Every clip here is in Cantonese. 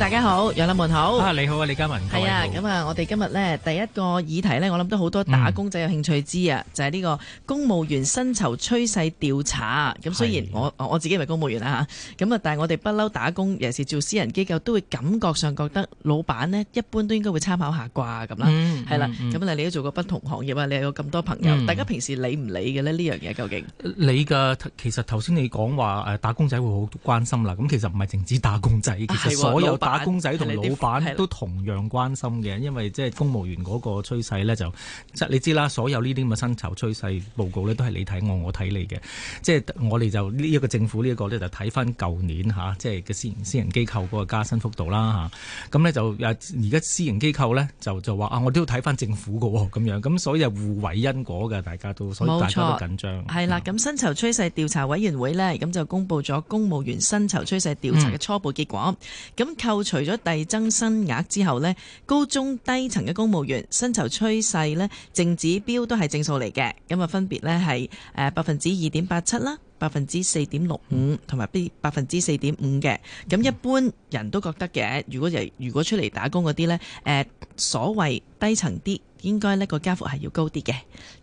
大家好，楊立文好。啊，你好,好啊，李嘉文。係啊，咁啊，我哋今日咧第一個議題咧，我諗都好多打工仔有興趣知啊，嗯、就係呢個公務員薪酬趨勢調查咁雖然我的我自己唔係公務員啦、啊、吓，咁啊，但係我哋不嬲打工，尤其是做私人機構，都會感覺上覺得老闆呢，一般都應該會參考下啩咁啦。係啦，咁、嗯、啊，嗯嗯、你都做過不同行業啊，你有咁多朋友，嗯、大家平時理唔理嘅咧呢樣嘢究竟？你嘅，其實頭先你講話誒，打工仔會好關心啦。咁其實唔係淨止打工仔，其實有打工仔同老闆都同樣關心嘅，的因為即係公務員嗰個趨勢呢，就即係你知啦，所有呢啲咁嘅薪酬趨勢報告呢，都係你睇我，我睇你嘅。即、就、係、是、我哋就呢一、這個政府呢一個呢、啊，就睇返舊年即係嘅私私人機構嗰個加薪幅度啦咁呢，就而家私人機構呢，就就話啊，我都要睇返政府㗎喎，咁樣咁所以係互為因果嘅，大家都所以大家都緊張。係啦錯。咁薪酬趨勢調查委員會呢，咁就公布咗公務員薪酬趨勢調查嘅初步結果。咁、嗯扣除咗遞增薪額之後呢，高中低層嘅公務員薪酬趨勢呢，淨指標都係正數嚟嘅。咁啊分別呢係誒百分之二點八七啦，百分之四點六五同埋啲百分之四點五嘅。咁、嗯、一般人都覺得嘅，如果就如果出嚟打工嗰啲呢，誒所謂低層啲，應該呢個加幅係要高啲嘅。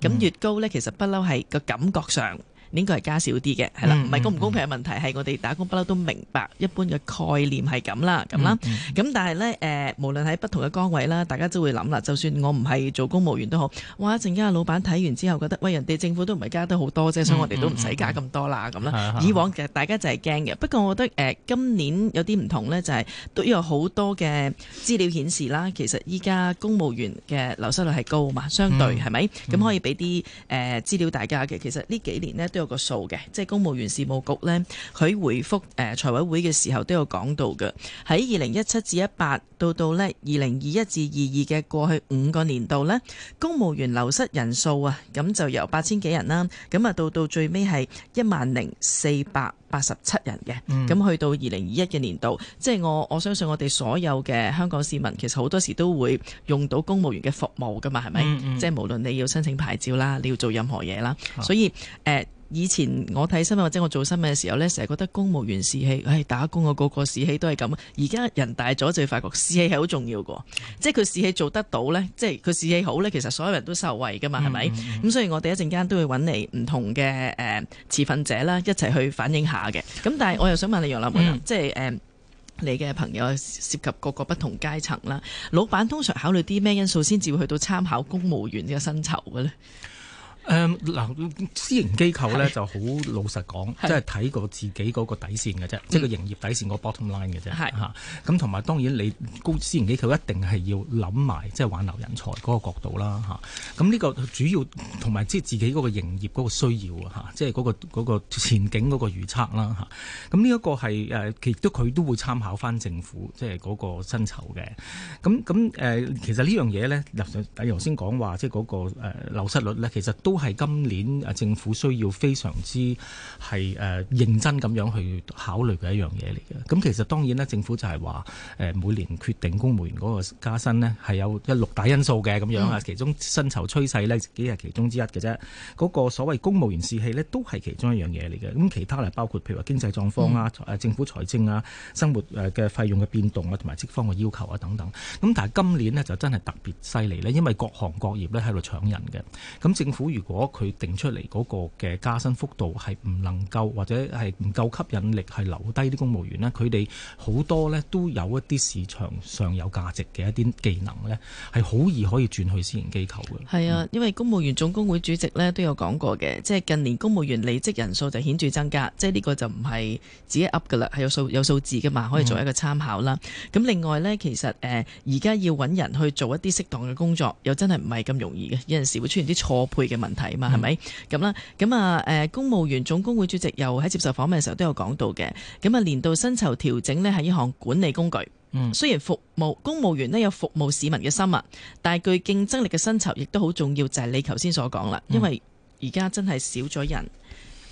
咁越高呢，其實不嬲係個感覺上。應該係加少啲嘅，係啦、嗯，唔係公唔公平嘅問題，係、嗯、我哋打工不嬲都明白一般嘅概念係咁啦，咁啦、嗯，咁、嗯、但係咧，誒、呃，無論喺不同嘅崗位啦，大家都會諗啦，就算我唔係做公務員都好，哇一陣間老闆睇完之後覺得，喂，人哋政府都唔係加得好多啫，嗯、所以我哋都唔使加咁多啦，咁啦、嗯，嗯、以往其實大家就係驚嘅，不過我覺得誒、呃、今年有啲唔同咧，就係、是、都有好多嘅資料顯示啦，其實依家公務員嘅流失率係高啊嘛，相對係咪？咁可以俾啲誒資料大家嘅，其實呢幾年呢，都。個數嘅，即係公務員事務局呢，佢回覆誒財委會嘅時候都有講到嘅，喺二零一七至一八到到呢二零二一至二二嘅過去五個年度呢，公務員流失人數啊，咁就由八千幾人啦，咁啊到到最尾係一萬零四百。八十七人嘅，咁去到二零二一嘅年度，即係、嗯、我我相信我哋所有嘅香港市民，其實好多時都會用到公務員嘅服務噶嘛，係咪？即係、嗯嗯、無論你要申請牌照啦，你要做任何嘢啦，好所以誒、呃、以前我睇新聞或者我做新聞嘅時候咧，成日覺得公務員士氣唉、哎、打工啊個個士氣都係咁，而家人大咗就發覺士氣係好重要噶，即係佢士氣做得到咧，即係佢士氣好咧，其實所有人都受惠噶嘛，係咪？咁、嗯嗯、所以我哋一陣間都會揾嚟唔同嘅誒、呃、持份者啦，一齊去反映下。咁但係我又想問你有有，楊立梅，即係誒，你嘅朋友涉及各個不同階層啦，老闆通常考慮啲咩因素先至會去到參考公務員嘅薪酬嘅咧？誒嗱、呃，私營機構咧就好對老實講，即係睇過自己嗰個底線嘅啫，即係個營業底線個 bottom line 嘅啫。係嚇對，咁同埋當然你公私營機構一定係要諗埋即係挽留人才嗰個角度啦吓，咁、啊、呢個主要同埋即係自己嗰個營業嗰個需要啊吓，即係嗰個嗰個前景嗰個預測啦吓，咁呢一個係誒其都佢都會參考翻政府即係嗰個薪酬嘅。咁咁誒其實呢樣嘢咧，嗱，頭先講話，即係嗰、嗰個誒、呃、流失率咧，其實都。都係今年啊，政府需要非常之係誒認真咁樣去考慮嘅一樣嘢嚟嘅。咁其實當然咧，政府就係話誒每年決定公務員嗰個加薪咧，係有一六大因素嘅咁樣啊。其中薪酬趨勢咧，只係其中之一嘅啫。嗰個所謂公務員士氣咧，都係其中一樣嘢嚟嘅。咁其他咧，包括譬如話經濟狀況啊、誒政府財政啊、生活誒嘅費用嘅變動啊，同埋職方嘅要求啊等等。咁但係今年咧，就真係特別犀利咧，因為各行各業咧喺度搶人嘅。咁政府如果如果佢定出嚟嗰個嘅加薪幅度係唔能夠或者係唔夠吸引力，係留低啲公務員咧，佢哋好多咧都有一啲市場上有價值嘅一啲技能咧，係好易可以轉去私營機構嘅。係啊，嗯、因為公務員總工會主席咧都有講過嘅，即係近年公務員離職人數就顯著增加，即係呢個就唔係自己噏噶啦，係有數有數字噶嘛，可以做一個參考啦。咁、嗯、另外咧，其實誒而家要揾人去做一啲適當嘅工作，又真係唔係咁容易嘅，有陣時會出現啲錯配嘅問題。題嘛係咪咁啦？咁啊、嗯，誒、嗯，公務員總工會主席又喺接受訪問嘅時候都有講到嘅。咁啊，年度薪酬調整呢係一項管理工具。嗯，雖然服務公務員呢有服務市民嘅心啊，但係具競爭力嘅薪酬亦都好重要，就係、是、你頭先所講啦。因為而家真係少咗人。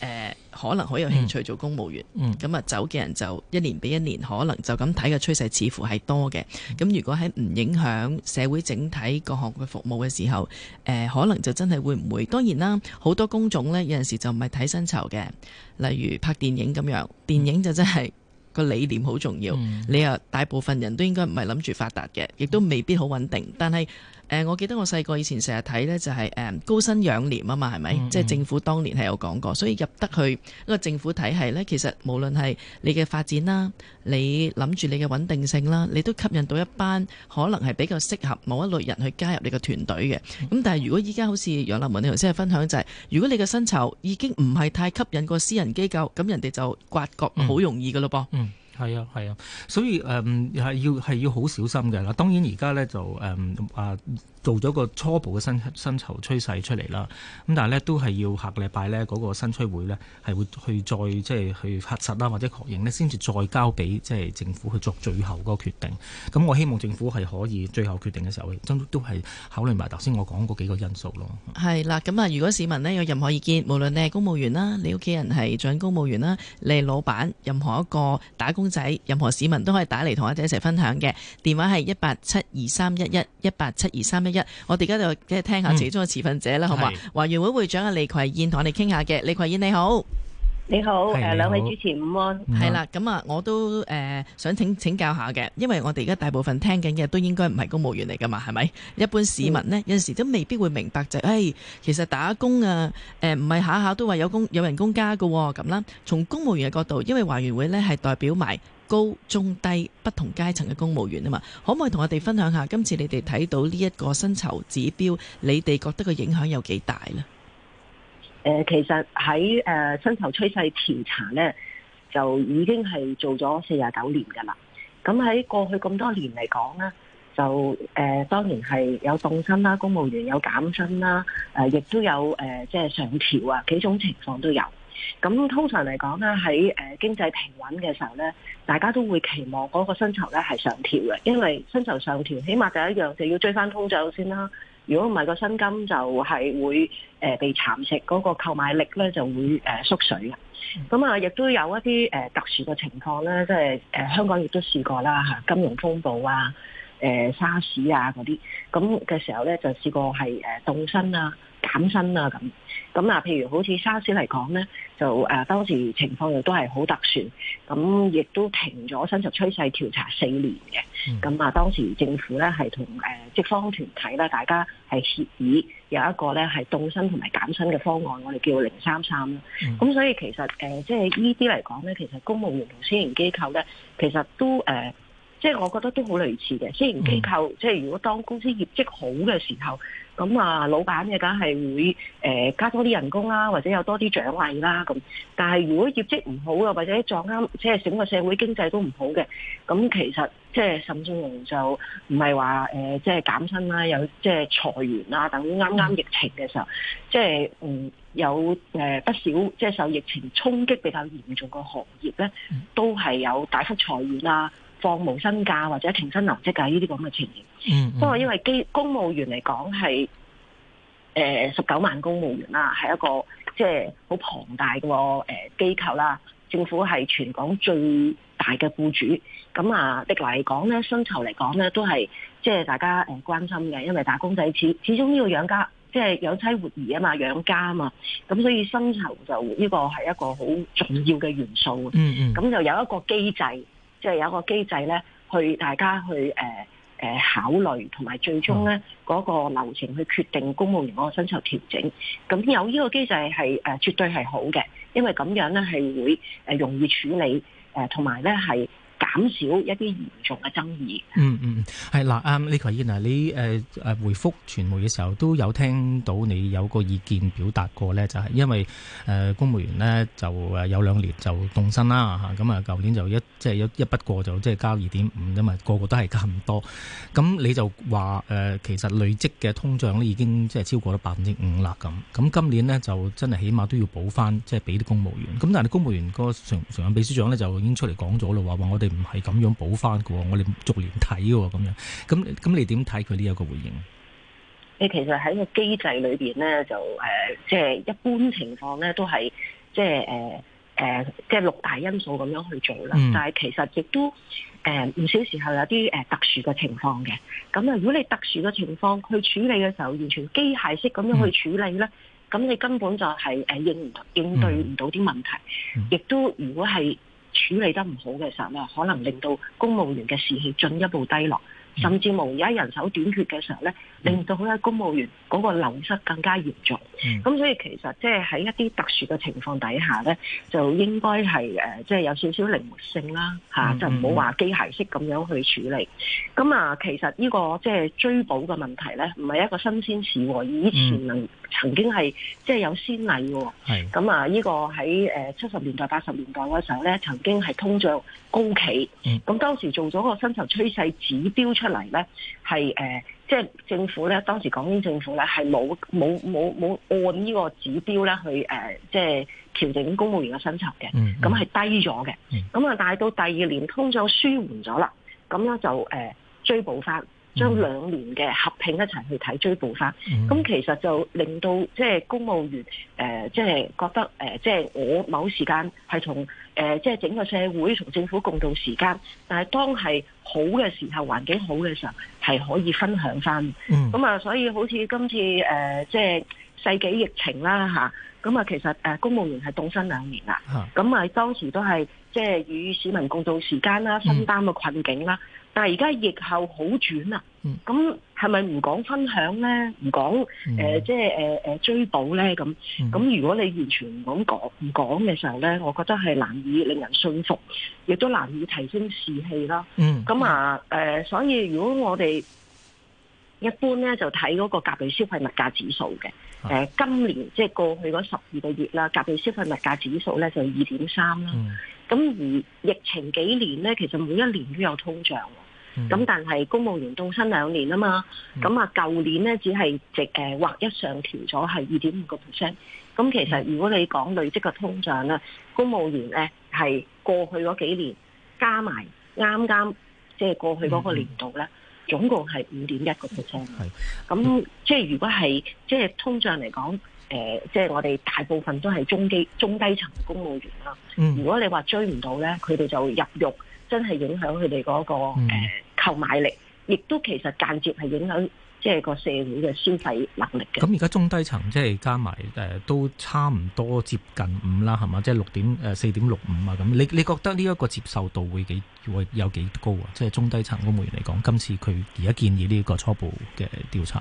誒、呃，可能好有興趣做公務員，咁啊、嗯嗯、走嘅人就一年比一年，可能就咁睇嘅趨勢似乎係多嘅。咁如果喺唔影響社會整體各項嘅服務嘅時候，誒、呃，可能就真係會唔會？當然啦，好多工種呢，有陣時就唔係睇薪酬嘅，例如拍電影咁樣，電影就真係個理念好重要，嗯、你又大部分人都應該唔係諗住發達嘅，亦都未必好穩定，但係。呃、我記得我細個以前成日睇呢，就係、是、誒、嗯、高薪養廉啊嘛，係咪？即係、嗯嗯、政府當年係有講過，所以入得去個、那個政府體系呢，其實無論係你嘅發展啦，你諗住你嘅穩定性啦，你都吸引到一班可能係比較適合某一類人去加入你嘅團隊嘅。咁但係如果依家好似楊立文你頭先係分享就係，如果你嘅薪酬已經唔係太吸引個私人機構，咁人哋就刮角好容易㗎咯噃。嗯係啊，係啊，所以誒，嗯、係要係要好小心嘅啦。當然而家咧就誒、嗯、啊。做咗個初步嘅薪薪酬趨勢出嚟啦，咁但係呢，都係要下個禮拜呢嗰個薪趨會呢，係會去再即係去核實啦或者確認呢，先至再交俾即係政府去作最後嗰個決定。咁我希望政府係可以最後決定嘅時候，真都係考慮埋頭先我講嗰幾個因素咯。係啦，咁啊，如果市民呢有任何意見，無論你係公務員啦，你屋企人係長公務員啦，你係老闆，任何一個打工仔，任何市民都可以打嚟同我哋一齊分享嘅電話係一八七二三一一一八七二三一。我們在聽一下，我哋而家就即係聽下其中嘅持份者啦，好嘛嗎？是華員會會長啊，利葵燕，同我哋傾下嘅，利葵燕你好，你好，誒好，兩位主持午安，係啦，咁啊、呃，我都誒、呃、想請請教一下嘅，因為我哋而家大部分聽緊嘅都應該唔係公務員嚟噶嘛，係咪？一般市民呢，嗯、有陣時都未必會明白就是，誒、哎，其實打工啊，誒、呃，唔係下下都話有工有人工加噶、哦，咁啦。從公務員嘅角度，因為華員會呢係代表埋。高中低不同階層嘅公務員啊嘛，可唔可以同我哋分享下今次你哋睇到呢一個薪酬指標，你哋覺得個影響有幾大咧？誒，其實喺誒薪酬趨勢調查咧，就已經係做咗四廿九年噶啦。咁喺過去咁多年嚟講咧，就誒、呃、當然係有凍薪啦，公務員有減薪啦，誒亦都有誒即係上調啊，幾種情況都有。咁通常嚟講咧，喺誒經濟平穩嘅時候咧，大家都會期望嗰個薪酬咧係上調嘅，因為薪酬上調，起碼第一樣就要追翻通脹先啦。如果唔係，個薪金就係會誒被蠶食，嗰、嗰個購買力咧就會誒縮水嘅。咁啊，亦都有一啲誒特殊嘅情況咧，即係誒香港亦都試過啦嚇，金融風暴啊、誒沙士啊嗰啲，咁嘅時候咧就試過係誒凍薪啊。減薪啊，咁咁啊，譬如好似沙士嚟講咧，就誒、啊、當時情況又都係好特殊，咁亦都停咗薪酬趨勢調查四年嘅。咁啊，當時政府咧係同誒職方團體咧，大家係協議有一個咧係凍薪同埋減薪嘅方案，我哋叫零三三啦。咁所以其實誒、呃，即係依啲嚟講咧，其實公務員同私營機構咧，其實都誒、呃，即係我覺得都好類似嘅。私營機構、嗯、即係如果當公司業績好嘅時候。咁啊，老闆嘅梗係會誒、呃、加多啲人工啦，或者有多啲獎勵啦咁。但係如果業績唔好啊，或者撞啱即係整個社會經濟都唔好嘅，咁其實即係甚至乎就唔係話即係減薪啦，有即係、就是、裁員啦。等啱啱疫情嘅時候，即、就、係、是、嗯有誒、呃、不少即係、就是、受疫情衝擊比較嚴重嘅行業咧，都係有大幅裁員啦。放冇薪假或者停薪留職噶呢啲咁嘅情形。嗯，嗯，不過因為機公務員嚟講係，誒十九萬公務員啦，係一個即係好龐大個誒機構啦。政府係全港最大嘅僱主，咁啊的嚟講咧，薪酬嚟講咧都係即係大家誒關心嘅，因為打工仔始始終要養家，即係養妻活兒啊嘛，養家啊嘛，咁所以薪酬就呢個係一個好重要嘅元素。嗯嗯，咁、嗯、就有一個機制。即係有一個機制咧，去大家去、呃呃、考慮，同埋最終咧嗰、嗯、個流程去決定公務員嗰個薪酬調整。咁有呢個機制係誒、呃、絕對係好嘅，因為咁樣咧係會容易處理，同埋咧係。呃減少一啲嚴重嘅爭議。嗯嗯嗯，係、嗯、嗱，阿利葵燕，你回覆傳媒嘅時候都有聽到你有個意見表達過咧，就係、是、因為誒、呃、公務員呢，就有兩年就動身啦咁啊舊年就一即係、就是、一一筆過就即係交二點五，因為個個都係交咁多，咁你就話誒、呃、其實累積嘅通脹呢已經即係超過咗百分之五啦咁，咁今年呢，就真係起碼都要補翻即係俾啲公務員，咁但係公務員個個常常任秘書長呢，就已經出嚟講咗啦，話我哋。唔係咁樣補翻嘅，我哋逐年睇嘅咁樣，咁咁你點睇佢呢一個回應？你其實喺個機制裏邊咧，就誒、即、呃、係、就是、一般情況咧，都係即係誒誒，即係六大因素咁樣去做啦。嗯、但係其實亦都誒、唔、呃、少時候有啲誒特殊嘅情況嘅。咁啊，如果你特殊嘅情況去處理嘅時候，完全機械式咁樣去處理咧，咁、嗯、你根本就係誒應不應對唔到啲問題，亦、嗯、都如果係。處理得唔好嘅時候咧，可能令到公務員嘅士氣進一步低落，甚至無而家人手短缺嘅時候咧，mm. 令到好多公務員嗰個流失更加嚴重。咁、mm. 所以其實即係喺一啲特殊嘅情況底下咧，就應該係誒，即、就、係、是、有少少靈活性啦，嚇、mm. 啊、就唔好話機械式咁樣去處理。咁啊，其實呢個即係追補嘅問題咧，唔係一個新鮮事，以前能。曾經係即係有先例嘅、哦，咁啊是，呢個喺誒七十年代、八十年代嗰時候咧，曾經係通脹高企，咁、嗯、當時做咗個薪酬趨勢指標出嚟咧，係誒即係政府咧，當時港英政府咧係冇冇冇冇按呢個指標咧去誒即係調整公務員嘅薪酬嘅，咁係、嗯嗯、低咗嘅，咁啊、嗯，但係到第二年通脹舒緩咗啦，咁咧就誒、呃、追補翻。嗯、將兩年嘅合併一齊去睇追補翻、嗯，咁其實就令到即係、就是、公務員即係、呃就是、覺得即係、呃就是、我某時間係同即係整個社會同政府共度時間，但係當係好嘅時候，環境好嘅時候，係可以分享翻。咁、嗯、啊，所以好似今次即係、呃就是、世紀疫情啦、啊咁啊，其實誒公務員係凍薪兩年啦，咁啊當時都係即係與市民共度時間啦，分、嗯、擔個困境啦。但係而家疫後好轉啦，咁係咪唔講分享咧？唔講誒，即係誒誒追補咧？咁咁、嗯、如果你完全唔講唔講嘅時候咧，我覺得係難以令人信服，亦都難以提升士氣啦。咁、嗯、啊誒、嗯呃，所以如果我哋，一般咧就睇嗰個甲類消費物價指數嘅、呃，今年即係、就是、過去嗰十二個月啦，甲類消費物價指數咧就二點三啦。咁、嗯、而疫情幾年咧，其實每一年都有通脹喎。咁、嗯、但係公務員凍薪兩年啊嘛，咁啊舊年咧只係值誒劃一上調咗係二點五個 percent。咁其實如果你講累積嘅通脹啦、嗯、公務員咧係過去嗰幾年加埋啱啱即係過去嗰個年度咧。嗯嗯總共係五點一個 percent，咁即係如果係即係通脹嚟講，誒、呃、即係我哋大部分都係中基中低層嘅公務員啦、啊。嗯、如果你話追唔到咧，佢哋就入肉，真係影響佢哋嗰個誒購、呃、買力，亦都其實間接係影響。即係個社會嘅消費能力嘅。咁而家中低層即係加埋誒、呃、都差唔多接近五啦，係嘛？即係六點誒四點六五啊咁。呃、你你覺得呢一個接受度會幾會有幾高啊？即係中低層公務員嚟講，今次佢而家建議呢個初步嘅調查。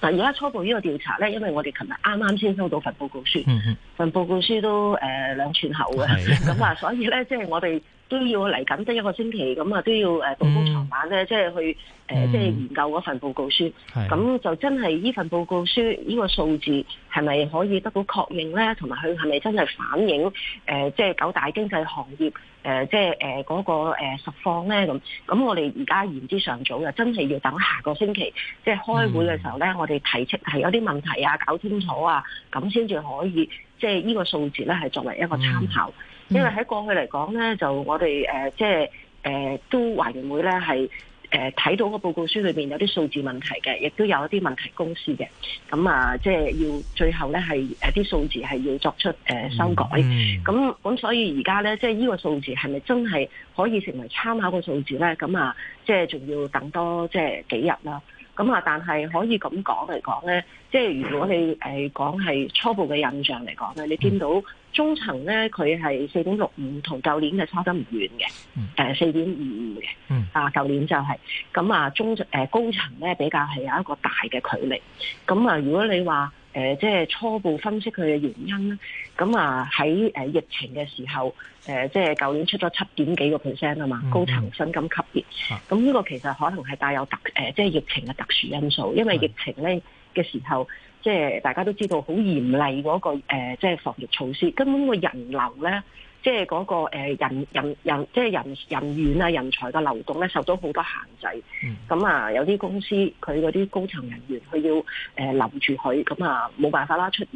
嗱，而家初步呢個調查咧，因為我哋琴日啱啱先收到份報告書，嗯、哼份報告書都誒兩、呃、寸厚嘅，咁啊 的，所以咧即係我哋。都要嚟緊即一個星期咁啊，都要誒度過長晚咧，即係去誒即係研究嗰份報告書。咁的就真係呢份報告書呢、呢個數字係咪可以得到確認咧？同埋佢係咪真係反映誒、呃、即係九大經濟行業誒、呃、即係誒嗰個誒、呃、實況咧？咁咁我哋而家言之尚早啊，真係要等下個星期即係開會嘅時候咧，嗯、我哋提出係有啲問題啊，搞清楚啊，咁先至可以即係呢個數字咧，係作為一個參考、嗯。因為喺過去嚟講咧，就我哋誒即係誒都懷疑會咧係誒睇到個報告書裏面有啲數字問題嘅，亦都有啲問題公司嘅。咁、嗯、啊，即係要最後咧係誒啲數字係要作出誒修、呃、改。咁、嗯、咁、嗯嗯、所以而家咧，即係呢個數字係咪真係可以成為參考嘅數字咧？咁、嗯、啊，即係仲要等多即係、呃、幾日啦。咁啊，但係可以咁講嚟講咧，即係如果你誒講係初步嘅印象嚟講咧，你見到。中層咧，佢係四點六五，同舊年嘅差得唔遠嘅，誒四點二五嘅，啊舊、嗯、年就係、是、咁啊中誒、呃、高層咧比較係有一個大嘅距離，咁啊如果你話、呃、即係初步分析佢嘅原因咧，咁啊喺疫情嘅時候，呃、即係舊年出咗七點幾個 percent 啊嘛，高層薪金級別，咁呢、嗯嗯、個其實可能係帶有特、呃、即係疫情嘅特殊因素，因為疫情咧嘅、嗯、時候。即係大家都知道好嚴厲嗰、那個即係、呃就是、防疫措施，根本人呢、就是、個人流咧，即係嗰個人人人，即係人、就是、人，人員啊人才嘅流動咧，受到好多限制。咁、嗯、啊，有啲公司佢嗰啲高層人員，佢要誒、呃、留住佢，咁啊冇辦法啦，出誒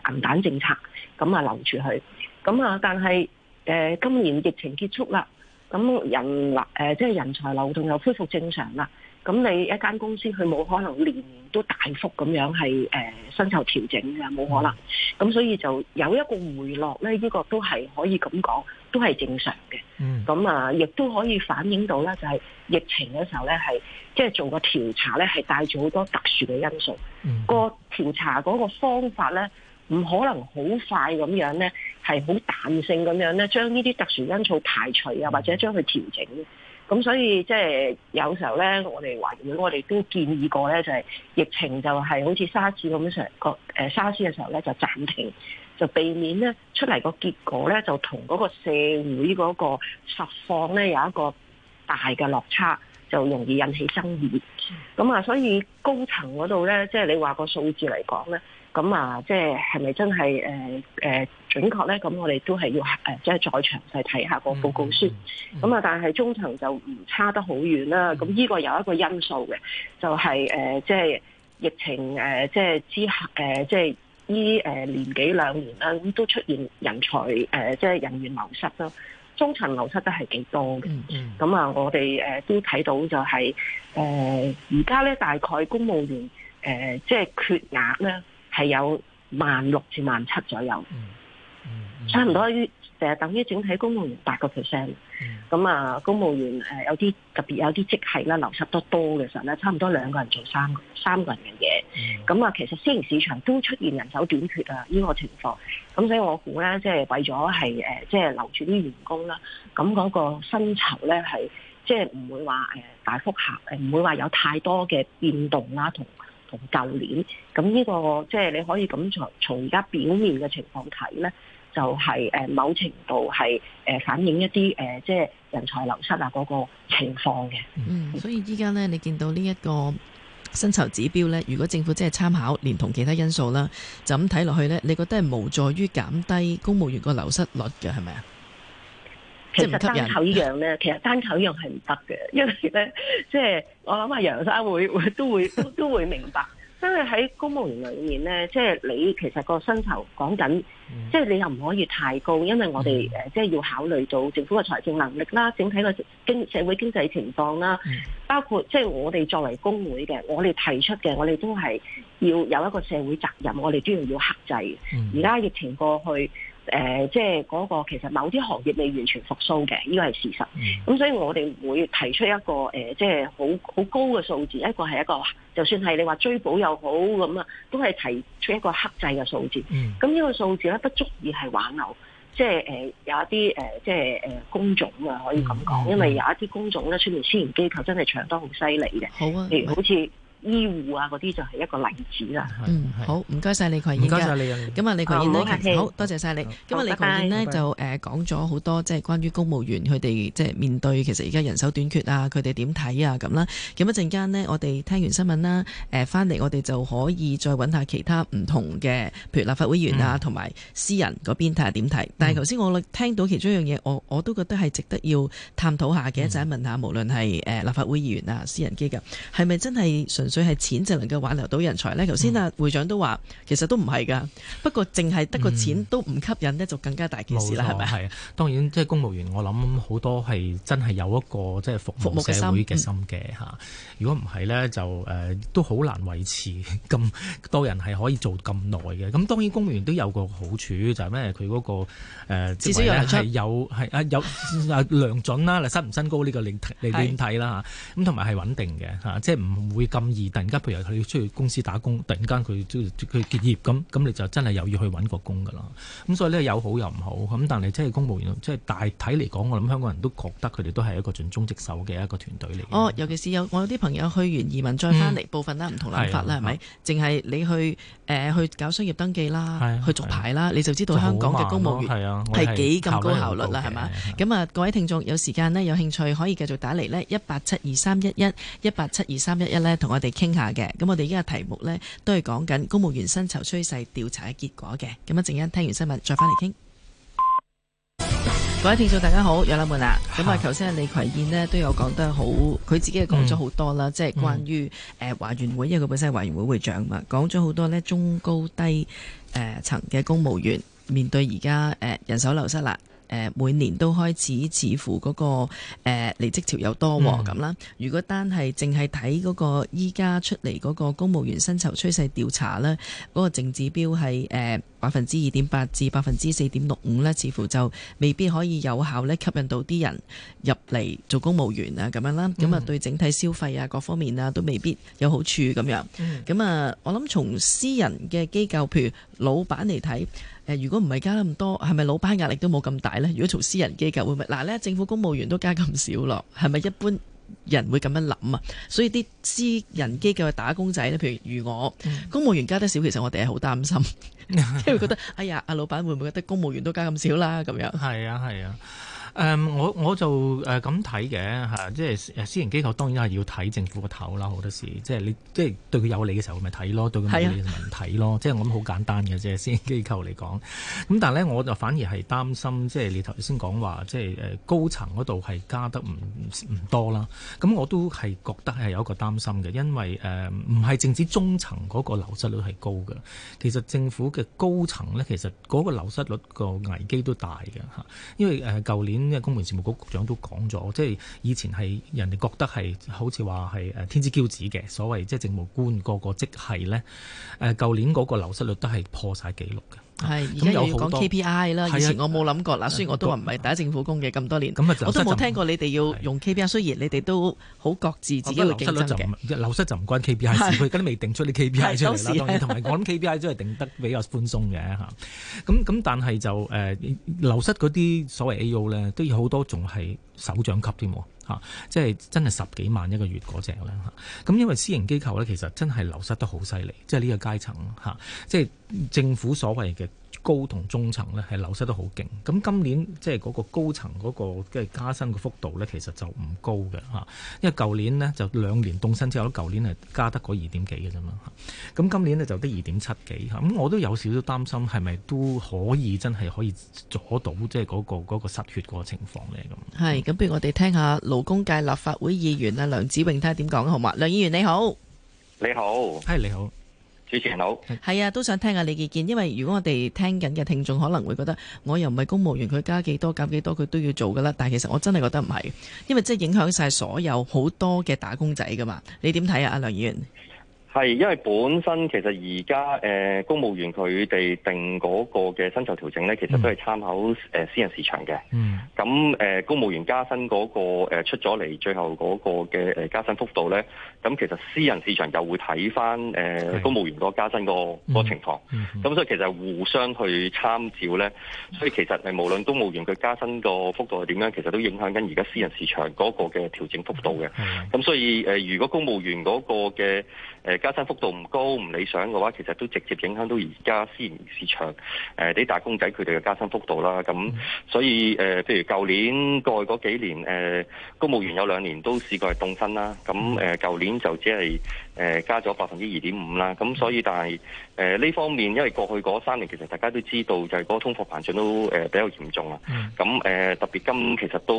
誒銀彈政策，咁啊留住佢。咁啊，但係誒、呃、今年疫情結束啦，咁人流即係人才流動又恢復正常啦。咁你一間公司佢冇可能年年都大幅咁樣係誒薪酬調整嘅，冇可能。咁、嗯、所以就有一個回落咧，呢、呢個都係可以咁講，都係正常嘅。咁、嗯、啊，亦都可以反映到咧，就係、係、疫情嘅時候咧，係即係做個調查咧，係帶住好多特殊嘅因素。嗯、個調查嗰個方法咧，唔可能好快咁樣咧，係好彈性咁樣咧，將呢啲特殊因素排除啊，或者將佢調整。咁所以即係有時候咧，我哋委員我哋都建議過咧，就係疫情就係好似沙士咁成個誒沙士嘅時候咧，就暫停，就避免咧出嚟個結果咧，就同嗰個社會嗰個實況咧有一個大嘅落差，就容易引起爭議。咁啊，所以高層嗰度咧，即係你話個數字嚟講咧。咁啊，即係係咪真係誒誒準確咧？咁我哋都係要誒、呃，即係再詳細睇下個報告書。咁啊、mm，hmm. mm hmm. 但係中層就唔差得好遠啦。咁呢個有一個因素嘅，就係、是、誒、呃，即係疫情誒、呃，即係之後誒，即係呢誒年幾兩年啦，咁都出現人才誒、呃，即係人員流失咯。中層流失得係幾多嘅？咁、mm hmm. 啊，我哋誒都睇到就係、是、誒，而家咧大概公務員誒、呃，即係缺額啦。係有萬六至萬七左右，嗯嗯嗯、差唔多，誒等於整體公務員八個 percent。咁、嗯、啊，公務員誒、呃、有啲特別有啲職系啦，流失得多嘅時候咧，差唔多兩個人做三個三個人嘅嘢。咁、嗯、啊，其實私人市場都出現人手短缺啊呢、呢個情況。咁所以我估咧，即、就、係、是、為咗係誒，即、呃、係、就是、留住啲員工啦。咁嗰個薪酬咧係即係唔會話誒大幅下，誒唔會話有太多嘅變動啦、啊、同。同舊年，咁呢個即係你可以咁從從而家表面嘅情況睇呢，就係誒某程度係誒反映一啲誒即係人才流失啊嗰個情況嘅。嗯，所以依家呢，你見到呢一個薪酬指標呢，如果政府真係參考，連同其他因素啦，就咁睇落去呢，你覺得係無助於減低公務員個流失率嘅，係咪啊？其實單靠依樣咧，其實單靠依樣係唔得嘅， 因為咧，即、就、係、是、我諗阿楊生會會都會都 都會明白，因為喺公務員裏面咧，即、就、係、是、你其實個薪酬講緊，即係、嗯、你又唔可以太高，因為我哋誒即係要考慮到政府嘅財政能力啦，整體個經社會經濟情況啦，嗯、包括即係、就是、我哋作為工會嘅，我哋提出嘅，我哋都係要有一個社會責任，我哋都要要克制。而家、嗯、疫情過去。誒，即係嗰個其實某啲行業未完全復蘇嘅，呢個係事實。咁所以我哋會提出一個誒，即係好好高嘅數字，一個係一個就算係你話追保又好咁啊，都係提出一個克制嘅數字。咁呢、嗯、個數字咧，不足以係挽留，即係誒有一啲誒即係誒工種啊，可以咁講，因為有一啲工種咧，出面私營機構真係搶得好犀利嘅。好啊，譬如好似。醫護啊，嗰啲就係一個例子啦。嗯，好，唔該晒，利葵燕。唔該曬利咁啊，利葵燕呢？好多謝晒你。咁啊，利葵燕呢？就誒講咗好多，即係關於公務員佢哋即係面對其實而家人手短缺啊，佢哋點睇啊咁啦。咁一陣間呢，我哋聽完新聞啦，返翻嚟我哋就可以再揾下其他唔同嘅，譬如立法會議員啊，同埋私人嗰邊睇下點睇。但係頭先我聽到其中一樣嘢，我我都覺得係值得要探討下嘅，一陣間問下無論係誒立法會議員啊、私人機構係咪真係所以係錢就能夠挽留到人才咧。頭先啊、嗯、會長都話，其實都唔係噶。不過淨係得個錢都唔吸引呢，嗯、就更加大件事啦。係咪錯？係啊吧。當然即係公務員，我諗好多係真係有一個即係服務社會嘅心嘅嚇。的嗯、如果唔係咧，就誒、呃、都好難維持咁多人係可以做咁耐嘅。咁當然公務員都有個好處，就係、是、咩、那個？佢嗰個至少有係啊有啊量唉準啦。嗱，薪唔薪高呢個你你亂睇啦嚇。咁同埋係穩定嘅嚇，即係唔會咁。而突然間，譬如佢要出去公司打工，突然間佢佢結業咁，咁你就真係又要去揾個工噶啦。咁所以呢，有好又唔好咁，但係即係公務員即係、就是、大體嚟講，我諗香港人都覺得佢哋都係一個盡忠職守嘅一個團隊嚟、哦。尤其是有我有啲朋友去完移民再翻嚟、嗯，部分咧唔同諗法啦，係咪、啊？淨係吧你去誒、呃、去搞商業登記啦，啊、去續牌啦，啊啊、你就知道香港嘅公務員係幾咁高效率啦，係咪、啊？咁吧啊，各位聽眾有時間呢，有興趣可以繼續打嚟呢一八七二三一一一八七二三一一咧，同我哋，傾下嘅，咁我哋依家嘅題目呢，都係講緊公務員薪酬趨勢調查嘅結果嘅，咁啊，一陣間聽完新聞再翻嚟傾。各位聽眾大家好，有啦門啦，咁啊，頭先是利葵燕呢，都有講得好，佢自己講咗好多啦，嗯、即係關於誒，華員會，因為佢本身係華員會會長嘛，講咗好多呢中高低誒、呃、層嘅公務員面對而家誒人手流失啦。誒，每年都開始似乎嗰、嗰個誒、呃、離職潮又多咁啦。嗯、如果單係淨係睇嗰個依家出嚟嗰個公務員薪酬趨勢調查呢，嗰、嗰個淨指標係誒，呃百分之二點八至百分之四點六五呢，似乎就未必可以有效咧吸引到啲人入嚟做公務員啊咁樣啦。咁啊，對整體消費啊各方面啊都未必有好處咁樣。咁啊，我諗從私人嘅機構譬如老闆嚟睇，呃，如果唔係加咁多，係咪老闆壓力都冇咁大呢？如果從私人機構會唔會嗱呢政府公務員都加咁少咯，係咪一般？人會咁樣諗啊，所以啲私人機構嘅打工仔咧，譬如如我，公務員加得少，其實我哋係好擔心， 因為覺得哎呀，阿老闆會唔會覺得公務員都加咁少啦咁樣？係啊，係啊。誒、um，我我就誒咁睇嘅嚇，即係私營機構當然係要睇政府個頭啦，好多時，即係你即係對佢有利嘅時候，咪睇咯；對佢冇利嘅時候咪唔睇咯。是啊、即係我諗好簡單嘅啫，私營機構嚟講。咁、嗯、但係咧，我就反而係擔心，即係你頭先講話，即係高層嗰度係加得唔唔多啦。咁我都係覺得係有一個擔心嘅，因為誒唔係淨止中層嗰個流失率係高嘅，其實政府嘅高層咧，其實嗰個流失率個危機都大嘅嚇，因為誒舊年。因為公務員事務局局長都講咗，即係以前係人哋覺得係好似話係天之驕子嘅，所謂即係政務官個個職系咧，誒舊年嗰個流失率都係破晒紀錄嘅。係而家又要講 KPI 啦，以前我冇諗過嗱，的雖然我都唔係第一政府工嘅咁多年，我都冇聽過你哋要用 KPI。雖然你哋都好各自自己嘅流失率就流失就唔關 KPI 事，佢而家都未定出啲 KPI 出嚟啦。當然同埋講 KPI 都係定得比較寬鬆嘅吓。咁咁但係就誒流失嗰啲所謂 AO 咧，都有好多仲係首長級添。吓，即係真係十幾萬一個月嗰隻咧吓，咁因為私營機構咧，其實真係流失得好犀利，即係呢個階層吓，即係政府所謂嘅。高同中層呢係流失得好勁，咁今年即係嗰個高層嗰個即係加薪嘅幅度呢，其實就唔高嘅嚇，因為舊年呢，就兩年凍薪之後，舊年係加得嗰二點幾嘅啫嘛嚇，咁今年呢，就得二點七幾嚇，咁我都有少少擔心係咪都可以真係可以阻到即係嗰個失血嗰個情況呢？咁。係，咁不如我哋聽下勞工界立法會議員啊梁子穎睇下點講好嘛？梁議員你好，你好，係你好。Hi，你好。主持人好，係啊，都想聽下你意見，因為如果我哋聽緊嘅聽眾可能會覺得，我又唔係公務員，佢加幾多減幾多，佢都要做噶啦。但係其實我真係覺得唔係，因為即係影響晒所有好多嘅打工仔噶嘛。你點睇啊，阿梁議員？係，因為本身其實而家誒公務員佢哋定嗰個嘅薪酬調整咧，其實都係參考、呃、私人市場嘅。咁誒、嗯呃、公務員加薪嗰、那個、呃、出咗嚟，最後嗰個嘅誒加薪幅度咧，咁其實私人市場又會睇翻誒公務員嗰、那個加薪個個情況。咁、嗯、所以其實互相去參照咧，所以其實係無論公務員佢加薪個幅度係點樣，其實都影響緊而家私人市場嗰個嘅調整幅度嘅。咁所以、呃、如果公務員嗰個嘅加薪幅度唔高唔理想嘅話，其實都直接影響到而家私營市場。誒、呃，啲打工仔佢哋嘅加薪幅度啦。咁所以誒，譬、呃、如舊年過去嗰幾年，誒、呃，公務員有兩年都試過係凍薪啦。咁誒，舊、呃、年就只係。誒加咗百分之二點五啦，咁所以但係誒呢方面，因為過去嗰三年其實大家都知道，就係嗰通貨膨脹都誒比較嚴重啊。咁誒、嗯、特別今其實都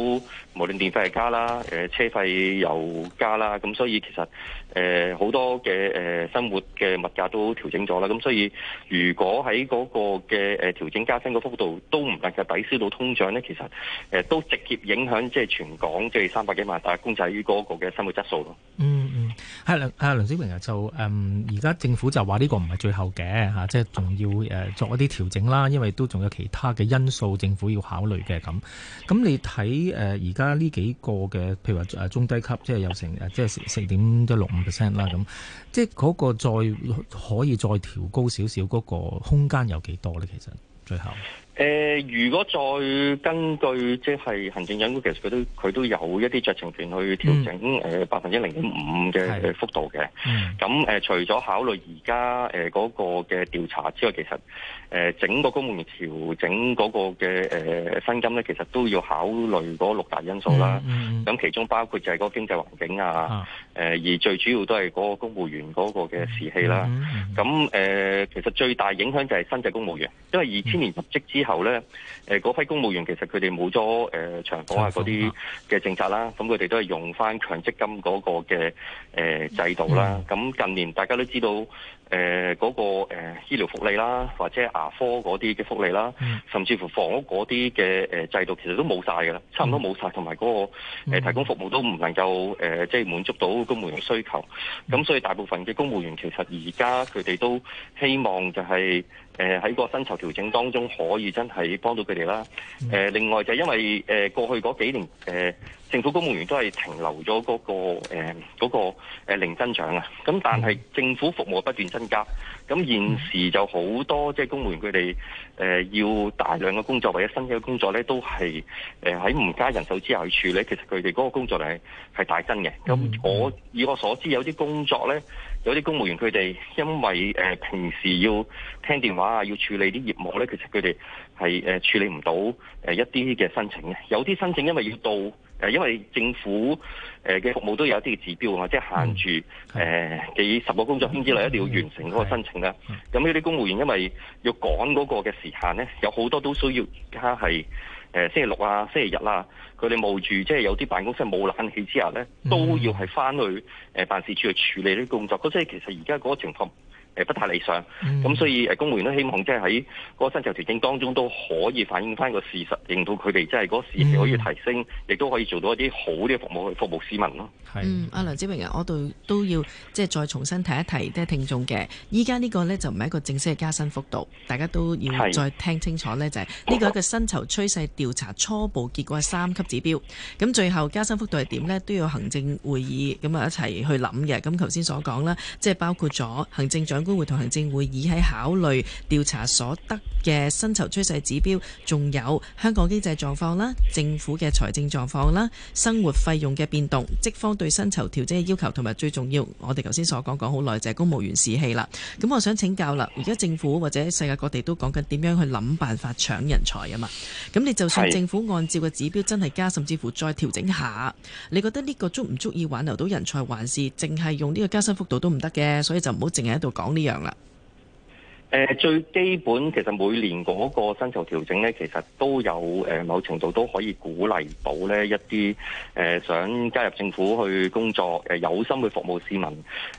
無論電費係加啦，誒車費又加啦，咁所以其實誒好多嘅誒生活嘅物價都調整咗啦。咁所以如果喺嗰個嘅誒調整加薪嗰幅度都唔能夠抵消到通脹咧，其實誒都直接影響即係全港即係三百幾萬打工仔於嗰個嘅生活質素咯、嗯。嗯嗯，阿阿林。小明啊，就誒，而家政府就話呢個唔係最後嘅嚇，即係仲要誒作一啲調整啦，因為都仲有其他嘅因素政府要考慮嘅。咁。咁你睇誒而家呢幾個嘅，譬如話誒中低級，即係有成即係四點六五 percent 啦咁，即係嗰個再可以再調高少少，嗰、嗰個空間有幾多咧？其實最後。誒、呃，如果再根據即係行政長官，其實佢都佢都有一啲酌情權去調整誒百分之零點五嘅幅度嘅。咁的、呃、除咗考慮而家誒嗰個嘅調查之外，其實誒、呃、整個公務員調整嗰個嘅誒薪金咧，其實都要考慮嗰六大因素啦。咁、嗯嗯、其中包括就係嗰個經濟環境啊，誒、啊呃、而最主要都係嗰個公務員嗰個嘅士氣啦。咁誒、嗯嗯呃，其實最大影響就係新制公務員，因為二千年入職之後。後咧，誒嗰批公務員其實佢哋冇咗誒長房啊嗰啲嘅政策啦，咁佢哋都係用翻強積金嗰個嘅誒制度啦。咁近年大家都知道，誒嗰個誒醫療福利啦，或者牙科嗰啲嘅福利啦，甚至乎房屋嗰啲嘅誒制度，其實都冇曬㗎啦，差唔多冇曬，同埋嗰個誒提供服務都唔能夠誒即係滿足到公務員嘅需求。咁所以大部分嘅公務員其實而家佢哋都希望就係。誒喺、呃、個薪酬調整當中可以真係幫到佢哋啦。誒、呃、另外就係因為誒、呃、過去嗰幾年誒、呃、政府公務員都係停留咗嗰、那個誒嗰個零增長啊。咁但係政府服務不斷增加，咁現時就好多即係、就是、公務員佢哋誒要大量嘅工作或者新嘅工作咧，都係誒喺唔加人手之下去處理。其實佢哋嗰個工作量係係大增嘅。咁我以我所知有啲工作咧。有啲公務員佢哋因為、呃、平時要聽電話啊，要處理啲業務咧，其實佢哋係誒處理唔到一啲嘅申請嘅。有啲申請因為要到、呃、因為政府嘅、呃、服務都有一啲嘅指標，即係限住、呃、幾十個工作天之內一定要完成嗰個申請咧。咁呢啲公務員因為要趕嗰個嘅時限咧，有好多都需要而家係誒星期六啊、星期日啊。佢哋冒住即係有啲辦公室冇冷氣之下咧，都要係翻去誒辦事處去處理呢啲工作。嗰即係其實而家嗰個情況。誒不太理想，咁、嗯、所以誒公務員都希望即係喺個薪酬調整當中都可以反映翻個事實，令到佢哋即係嗰個士氣可以提升，嗯、亦都可以做到一啲好啲嘅服務去服務市民咯。是嗯，阿梁子穎、啊，我度都要即係再重新提一提即啲聽眾嘅，依家呢個呢就唔係一個正式嘅加薪幅度，大家都要再聽清楚呢？是就係呢個一個薪酬趨勢調查初步結果係三級指標，咁最後加薪幅度係點呢？都要行政會議咁啊一齊去諗嘅。咁頭先所講啦，即係包括咗行政長官都會同行政會議喺考慮調查所得嘅薪酬趨勢指標，仲有香港經濟狀況啦、政府嘅財政狀況啦、生活費用嘅變動、職方對薪酬調整嘅要求，同埋最重要，我哋頭先所講講好耐就係公務員士氣啦。咁我想請教啦，而家政府或者世界各地都講緊點樣去諗辦法搶人才啊嘛？咁你就算政府按照個指標真係加，甚至乎再調整下，你覺得呢個足唔足以挽留到人才，還是淨係用呢個加薪幅度都唔得嘅？所以就唔好淨係喺度講。呢樣啦，呃、最基本其實每年嗰個薪酬調整咧，其實都有、呃、某程度都可以鼓勵到咧一啲、呃、想加入政府去工作，呃、有心去服務市民，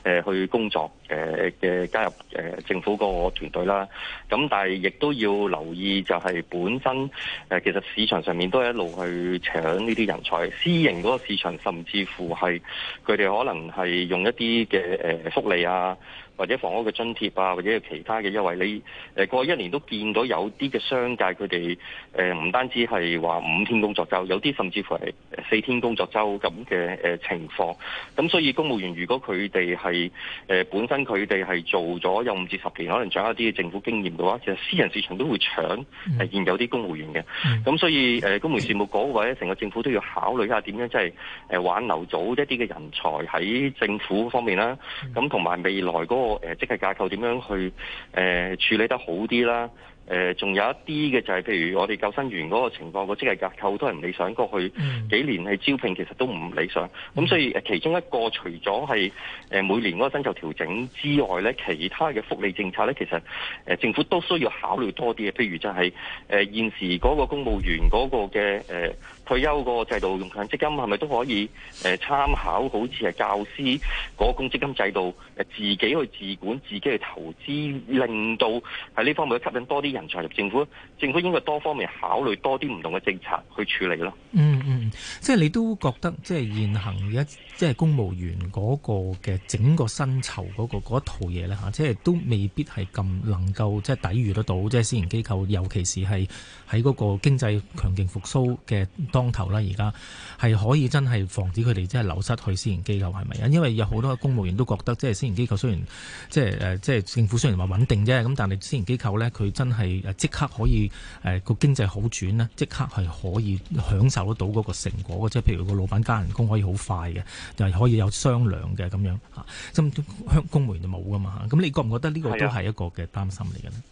呃、去工作嘅、呃、加入、呃、政府個團隊啦。咁但係亦都要留意，就係本身、呃、其實市場上面都係一路去搶呢啲人才，私營嗰個市場甚至乎係佢哋可能係用一啲嘅、呃、福利啊。或者房屋嘅津貼啊，或者其他嘅優惠，你、呃、過去一年都見到有啲嘅商界佢哋誒唔單止係話五天工作周，有啲甚至乎係四天工作周咁嘅誒情況。咁所以公務員，如果佢哋係誒本身佢哋係做咗有五至十年，可能掌握啲政府經驗嘅話，其實私人市場都會搶。係現有啲公務員嘅。咁所以誒、呃、公務員事務嗰位，成個政府都要考慮下點樣、就是，即係誒挽留到一啲嘅人才喺政府方面啦。咁同埋未來嗰。個誒，即係架構點樣去誒、呃、處理得好啲啦？誒、呃，仲有一啲嘅就係，譬如我哋救生員嗰個情況，個即係架構都係唔理想，過去幾年係招聘，其實都唔理想。咁所以誒，其中一個除咗係誒每年嗰個薪酬調整之外咧，其他嘅福利政策咧，其實誒政府都需要考慮多啲嘅。譬如就係、是、誒、呃、現時嗰個公務員嗰個嘅誒。呃退休個制度用強積金係咪都可以？誒參考好似係教師嗰個公積金制度，誒自己去自管，自己去投資，令到喺呢方面吸引多啲人才入政府。政府應該多方面考慮多啲唔同嘅政策去處理咯。嗯嗯，即係你都覺得即係現行而家即係公務員嗰個嘅整個薪酬嗰、嗰個嗰一套嘢咧嚇，即係都未必係咁能夠即係抵禦得到，即係私人機構，尤其是係喺嗰個經濟強勁復甦嘅。當頭啦！而家係可以真係防止佢哋即係流失去私人機構係咪啊？因為有好多公務員都覺得，即係私人機構雖然即係誒即係政府雖然話穩定啫，咁但係私人機構咧，佢真係誒即刻可以誒個經濟好轉咧，即刻係可以享受得到嗰個成果。即係譬如個老闆加人工可以好快嘅，又可以有商量嘅咁樣嚇。咁鄉公務員就冇噶嘛，咁你覺唔覺得呢個都係一個嘅擔心嚟嘅呢？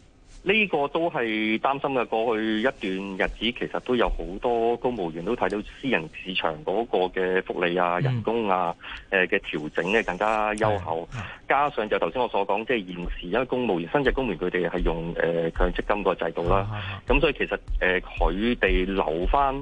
呢個都係擔心嘅。過去一段日子，其實都有好多公務員都睇到私人市場嗰個嘅福利啊、嗯、人工啊、誒嘅調整咧更加優厚，嗯、加上就頭先我所講，即、就、係、是、現時因為公務員、新嘅公務員佢哋係用誒強積金個制度啦，咁、嗯嗯、所以其實誒佢哋留翻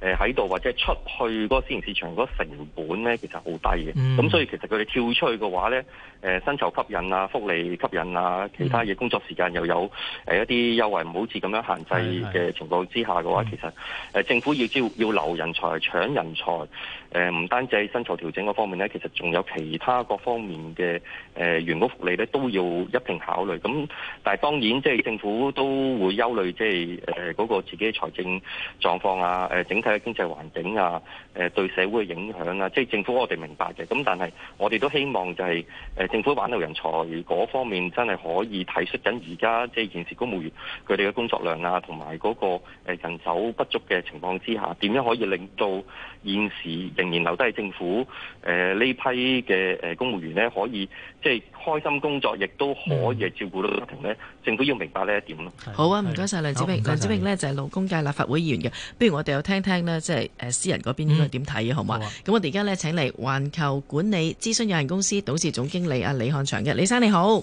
誒喺度或者出去嗰個私營市場嗰個成本咧，其實好低嘅。咁、嗯、所以其實佢哋跳出去嘅話咧，誒、呃、薪酬吸引啊、福利吸引啊、其他嘢、工作時間又有、呃、一啲優惠，唔好似咁樣限制嘅情況之下嘅話，係係其實、嗯呃、政府要招要留人才、搶人才。誒唔、呃、單止薪酬調整嗰方面咧，其實仲有其他各方面嘅誒員工福利咧，都要一定考慮。咁但係當然，即係政府都會憂慮、就是，即係嗰個自己財政狀況啊，呃、整體嘅經濟環境啊。誒對社會嘅影響啊，即係政府我哋明白嘅，咁但係我哋都希望就係政府挽留人才嗰方面，真係可以體恤緊而家即係現時公務員佢哋嘅工作量啊，同埋嗰個人手不足嘅情況之下，點樣可以令到現時仍然留低政府誒呢、呃、批嘅公務員咧可以，即係開心工作，亦都可以照顧到家庭咧。嗯、政府要明白呢一點咯。好啊，唔該晒梁子穎，哦、謝謝梁子穎呢就係勞工界立法會議員嘅。不如我哋又聽聽呢，即係誒私人嗰邊應該點睇啊？嗯、好嘛吧。咁我哋而家呢，請嚟環球管理諮詢有限公司董事總經理阿李漢祥嘅，李生你好。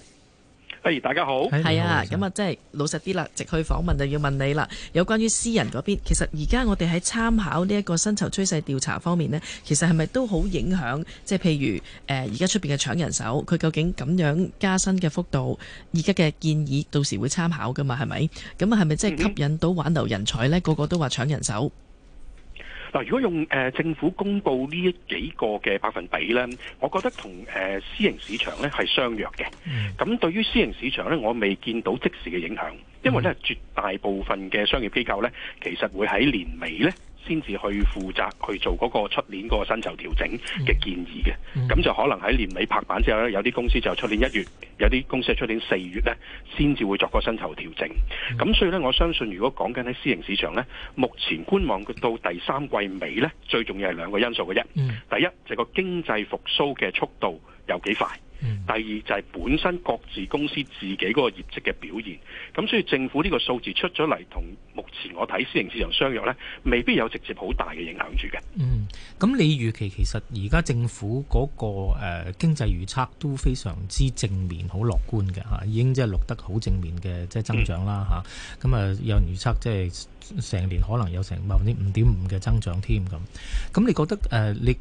不如、hey, 大家好，係啊，咁啊，即係老實啲啦，直去訪問就要問你啦。有關於私人嗰邊，其實而家我哋喺參考呢一個薪酬趨勢調查方面呢，其實係咪都好影響？即係譬如誒，而家出邊嘅搶人手，佢究竟咁樣加薪嘅幅度，而家嘅建議到時會參考噶嘛？係咪？咁啊，係咪即係吸引到挽留人才呢？Mm hmm. 個個都話搶人手。嗱，如果用誒、呃、政府公布呢一幾個嘅百分比呢，我覺得同誒、呃、私營市場呢係相若嘅。咁、mm hmm. 對於私營市場呢，我未見到即時嘅影響，因為呢絕大部分嘅商業機構呢，其實會喺年尾呢，先至去負責去做嗰個出年嗰個薪酬調整嘅建議嘅，咁就可能喺年尾拍板之後咧，有啲公司就出年一月，有啲公司係出年四月咧，先至會作個薪酬調整。咁所以咧，我相信如果講緊喺私營市場咧，目前觀望到第三季尾咧，最重要係兩個因素嘅一，第一就係個經濟復甦嘅速度。有幾快？第二就係本身各自公司自己嗰個業績嘅表現。咁所以政府呢個數字出咗嚟，同目前我睇私營市場相若呢，未必有直接好大嘅影響住嘅。嗯，咁你預期其，其實而家政府嗰、那個誒、呃、經濟預測都非常之正面，好樂觀嘅嚇，已經即係錄得好正面嘅即係增長啦嚇。咁、嗯、啊有人預測即係成年可能有成百分之五點五嘅增長添咁。咁你覺得誒、呃、你？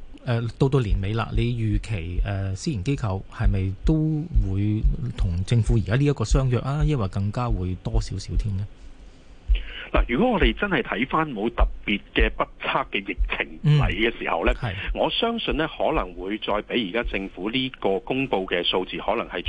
到、呃、到年尾啦，你預期誒、呃、私營機構係咪都會同政府而家呢一個相約啊？抑或更加會多少少添咧？嗱，如果我哋真係睇翻冇特別嘅不測嘅疫情嚟嘅時候呢、嗯、我相信呢可能會再比而家政府呢個公布嘅數字，可能係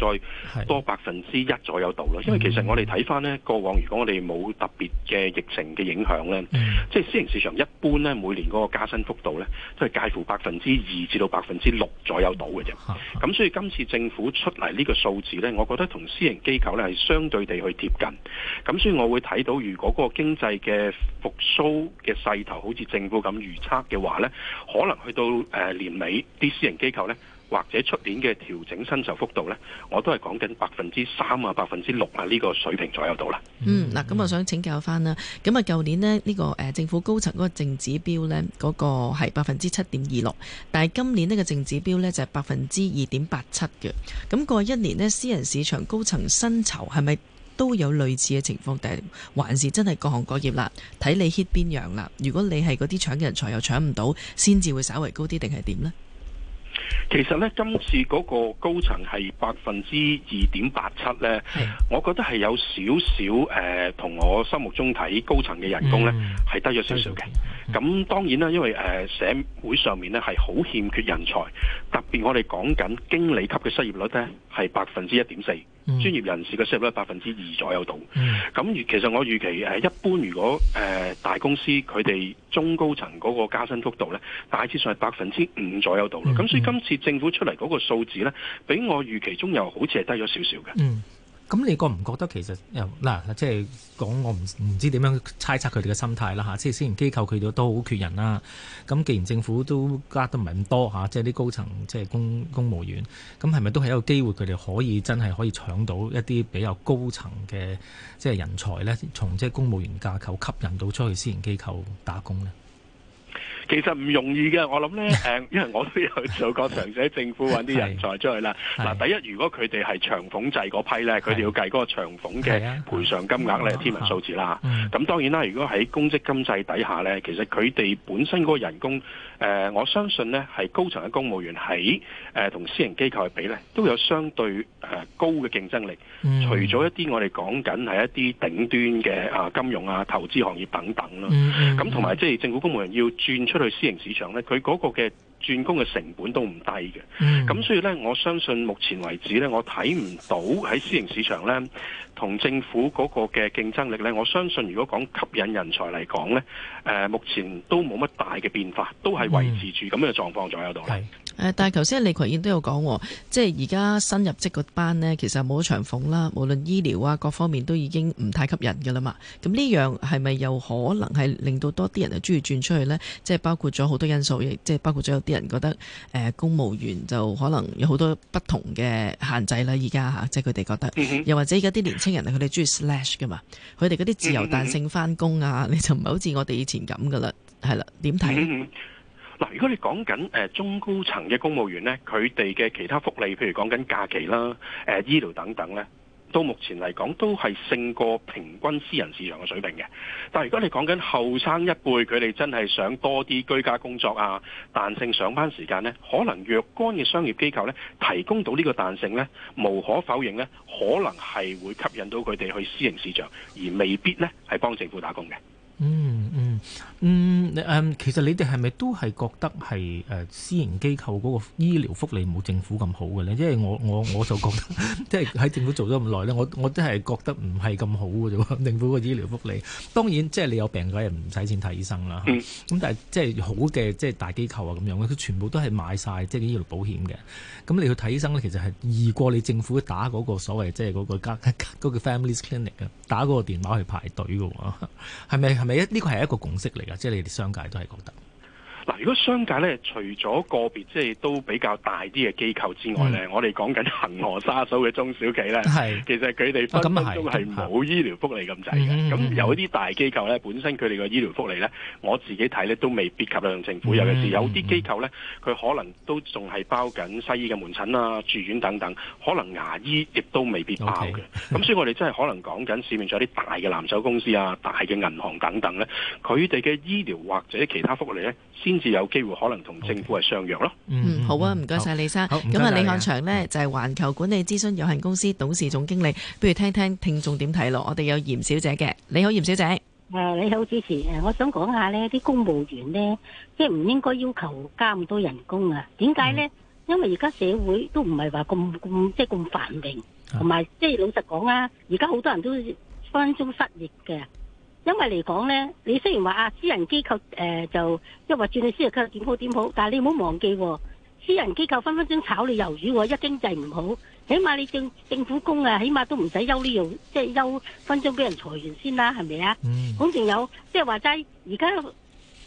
再多百分之一左右度咯。是因為其實我哋睇翻呢，過往，如果我哋冇特別嘅疫情嘅影響呢，即係私營市場一般呢，每年嗰個加薪幅度呢都係介乎百分之二至到百分之六左右度嘅啫。咁、嗯、所以今次政府出嚟呢個數字呢，我覺得同私營機構呢係相對地去貼近。咁所以我會睇到，如果嗰個經經濟嘅復蘇嘅勢頭，好似政府咁預測嘅話呢，可能去到誒年尾，啲私人機構呢，或者出年嘅調整薪酬幅度呢，我都係講緊百分之三啊，百分之六啊呢個水平左右度啦。嗯，嗱，咁我想請教翻啦，咁啊，舊年呢呢個誒政府高層嗰個淨指標呢，嗰個係百分之七點二六，但係今年呢個淨指標呢，就係百分之二點八七嘅，咁過一年呢，私人市場高層薪酬係咪？都有類似嘅情況，定係還是真係各行各業啦，睇你 hit 邊樣啦。如果你係嗰啲搶嘅人才又搶唔到，先至會稍微高啲，定係點呢？其實咧，今次嗰個高層係百分之二點八七咧，呢是我覺得係有少少誒，同、呃、我心目中睇高層嘅人工咧係、mm hmm. 低咗少少嘅。咁、mm hmm. 當然啦，因為誒、呃、社會上面咧係好欠缺人才，特別我哋講緊經理級嘅失業率咧係百分之一點四，專、mm hmm. 業人士嘅失業率百分之二左右度。咁、mm hmm. 其實我預期誒、呃，一般如果誒、呃、大公司佢哋。中高層嗰個加薪幅度咧，大致上係百分之五左右度咁、mm hmm. 所以今次政府出嚟嗰個數字咧，比我預期中又好似係低咗少少嘅。Mm hmm. 咁你覺唔覺得其實嗱，即係講我唔唔知點樣猜測佢哋嘅心態啦吓，即、啊、係私營機構佢哋都好缺人啦、啊。咁既然政府都加得唔係咁多吓、啊，即係啲高層即係公公務員，咁係咪都係一個機會？佢哋可以真係可以搶到一啲比較高層嘅即係人才呢？從即係公務員架構吸引到出去私營機構打工呢？其實唔容易嘅，我諗咧誒，因為我都有做過嘗試 喺政府搵啲人才出去啦。嗱， 是第一，如果佢哋係長俸制嗰批咧，佢哋要計嗰個長俸嘅賠償金額咧，天文數字啦。咁、 嗯、當然啦，如果喺公積金制底下咧，其實佢哋本身嗰個人工誒、呃，我相信咧係高層嘅公務員喺同、呃、私人機構去比咧，都有相對誒、呃、高嘅競爭力。嗯、除咗一啲我哋講緊係一啲頂端嘅啊金融啊投資行業等等咯，咁同埋即係政府公務員要專。出去私營市場咧，佢嗰個嘅轉工嘅成本都唔低嘅。咁、嗯、所以咧，我相信目前為止咧，我睇唔到喺私營市場咧同政府嗰個嘅競爭力咧，我相信如果講吸引人才嚟講咧，誒、呃、目前都冇乜大嘅變化，都係維持住咁樣嘅狀況仲喺度。嗯誒，但係頭先利葵燕都有講，即係而家新入職個班呢，其實冇咗長俸啦，無論醫療啊各方面都已經唔太吸引噶啦嘛。咁呢樣係咪又可能係令到多啲人啊中意轉出去呢？即係包括咗好多因素，亦即係包括咗有啲人覺得，誒、呃，公務員就可能有好多不同嘅限制啦。而家吓，即係佢哋覺得，又或者而家啲年青人佢哋中意 slash 噶嘛，佢哋嗰啲自由彈性翻工啊，嗯嗯嗯你就唔係好似我哋以前咁噶啦，係啦，點睇？嗯嗯嗱，如果你講緊誒中高層嘅公務員咧，佢哋嘅其他福利，譬如講緊假期啦、誒醫療等等咧，到目前嚟講都係勝過平均私人市場嘅水平嘅。但如果你講緊後生一輩，佢哋真係想多啲居家工作啊、彈性上班時間咧，可能若干嘅商業機構咧提供到呢個彈性咧，無可否認咧，可能係會吸引到佢哋去私營市場，而未必咧係幫政府打工嘅。嗯嗯嗯，其實你哋係咪都係覺得係誒私營機構嗰個醫療福利冇政府咁好嘅呢？即係我我我就覺得，即係喺政府做咗咁耐呢，我我真係覺得唔係咁好嘅啫喎。政府嘅醫療福利，當然即係你有病嗰日唔使錢睇醫生啦。咁、嗯、但係即係好嘅，即係大機構啊咁樣，佢全部都係買晒即係醫療保險嘅。咁你去睇醫生呢，其實係易過你政府打嗰個所謂即係嗰個 family clinic 啊，打嗰個電話去排隊嘅喎，係咪？係咪呢個係一個共識嚟㗎？即係你哋商界都係覺得嗱，如果。商界咧，除咗個別即係都比較大啲嘅機構之外咧，嗯、我哋講緊恆河沙數嘅中小企咧，是其實佢哋分分鐘係冇醫療福利咁滯嘅。咁有啲大機構咧，本身佢哋嘅醫療福利咧，我自己睇咧都未必及得上政府。尤其是有啲機構咧，佢可能都仲係包緊西醫嘅門診啊、住院等等，可能牙醫亦都未必包嘅。咁 Okay. 所以我哋真係可能講緊市面上有啲大嘅藍籌公司啊、大嘅銀行等等咧，佢哋嘅醫療或者其他福利咧，先至有。機會可能同政府係相若咯。嗯，好啊，唔該晒，李生。咁啊，好謝謝你李漢祥咧就係、是、環球管理諮詢有限公司董事總經理。不如聽聽聽眾點睇咯。我哋有嚴小姐嘅，你好，嚴小姐。誒、呃，你好，主持人。我想講下咧，啲公務員咧，即係唔應該要求加咁多人工啊？點解咧？因為而家社會都唔係話咁咁，即係咁繁榮，同埋即係老實講啊，而家好多人都分中失業嘅。因為嚟講咧，你雖然話啊私人機構誒、呃、就即係話轉到私人機構點好點好，但係你唔好忘記、哦，私人機構分分鐘炒你魷魚、哦，一經濟唔好，起碼你政政府工啊，起碼都唔使憂呢、這、樣、個，即係憂分鐘鐘俾人裁員先啦，係咪啊？咁仲、嗯、有即係話齋，而家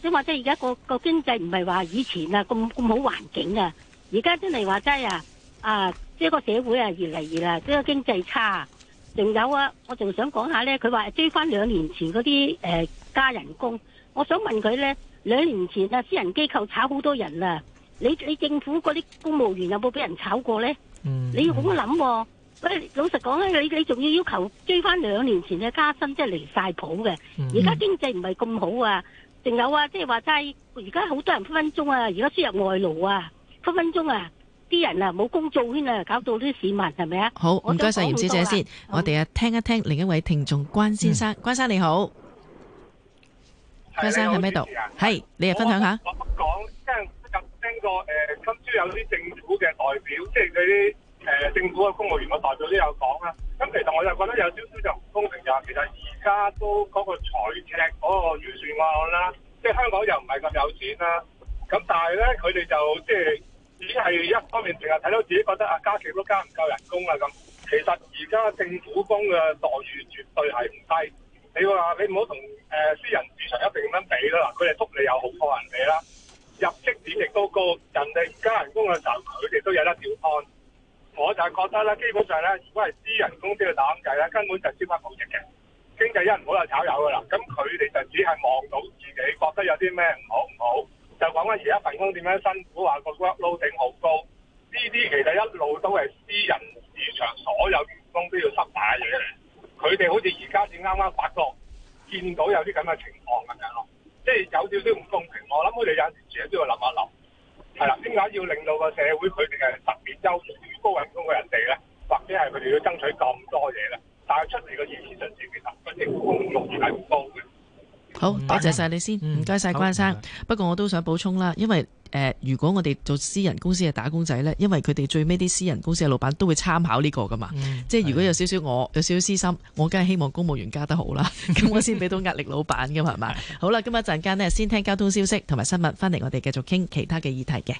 即話即齋，而家個個經濟唔係話以前啊咁咁好環境啊，而家真係話齋啊啊，即、啊、係、這個社會啊越嚟越啊，即、這、係、個、經濟差、啊。仲有啊，我仲想講下咧，佢話追翻兩年前嗰啲誒加人工，我想問佢咧，兩年前啊，私人機構炒好多人啊，你你政府嗰啲公務員有冇俾人炒過咧？嗯、你要咁諗，喂，老實講咧，你你仲要要求追翻兩年前嘅加薪，即係離晒譜嘅。而家經濟唔係咁好啊，仲有啊，即係話齋，而家好多人分分鐘啊，而家輸入外勞啊，分分鐘啊。啲人啊，冇工作圈啊，搞到啲市民係咪啊？是是好，唔該晒，袁小姐先，嗯、我哋啊聽一聽另一位聽眾關先生，嗯、關先生你好，關先生喺咩度？係，你啊分享一下。我我講即係今日聽過、呃、今朝有啲政府嘅代表，即係啲誒政府嘅公務員嘅代表都有講啦。咁、嗯、其實我就覺得有少少就唔公平㗎。其實而家都嗰個財赤嗰個預算案啦，即、嗯、係、嗯、香港又唔係咁有錢啦。咁但係咧，佢哋就即係。就是只係一方面，成日睇到自己覺得加極都加唔夠人工啦咁、啊。其實而家政府工嘅待遇絕對係唔低，你話你唔好同誒私人市場一定咁樣比啦。佢哋福利有好多人俾啦，入職點亦都高，人哋加人工嘅時候，佢哋都有得照按。我就係覺得咧，基本上咧，如果係私人公司嘅打緊計咧，根本就招不到職嘅。經濟一唔好就炒魷噶啦。咁佢哋就只係望到自己覺得有啲咩唔好唔好。就講翻而家份工點樣辛苦，話個 workload 好高，呢啲其實一路都係私人市場所有員工都要失大嘅嘢，佢哋好似而家先啱啱發覺，見到有啲咁嘅情況咁樣咯，即係有少少唔公平。我諗佢哋有陣時自己都要諗一諗，係啦，點解要令到個社會佢哋係特別優越高人工嘅人哋咧？或者係佢哋要爭取咁多嘢咧？但係出嚟個意思，上，其實不一定收入係唔高嘅。好，多謝晒你先，唔該晒關生。嗯、不過我都想補充啦，因為誒、呃，如果我哋做私人公司嘅打工仔呢，因為佢哋最尾啲私人公司嘅老闆都會參考呢個噶嘛。嗯、即係如果有少少我有少少私心，我梗係希望公務員加得好啦，咁、嗯、 我先俾到壓力老闆噶嘛，係嘛。好啦，咁一陣間呢，先聽交通消息同埋新聞，翻嚟我哋繼續傾其他嘅議題嘅。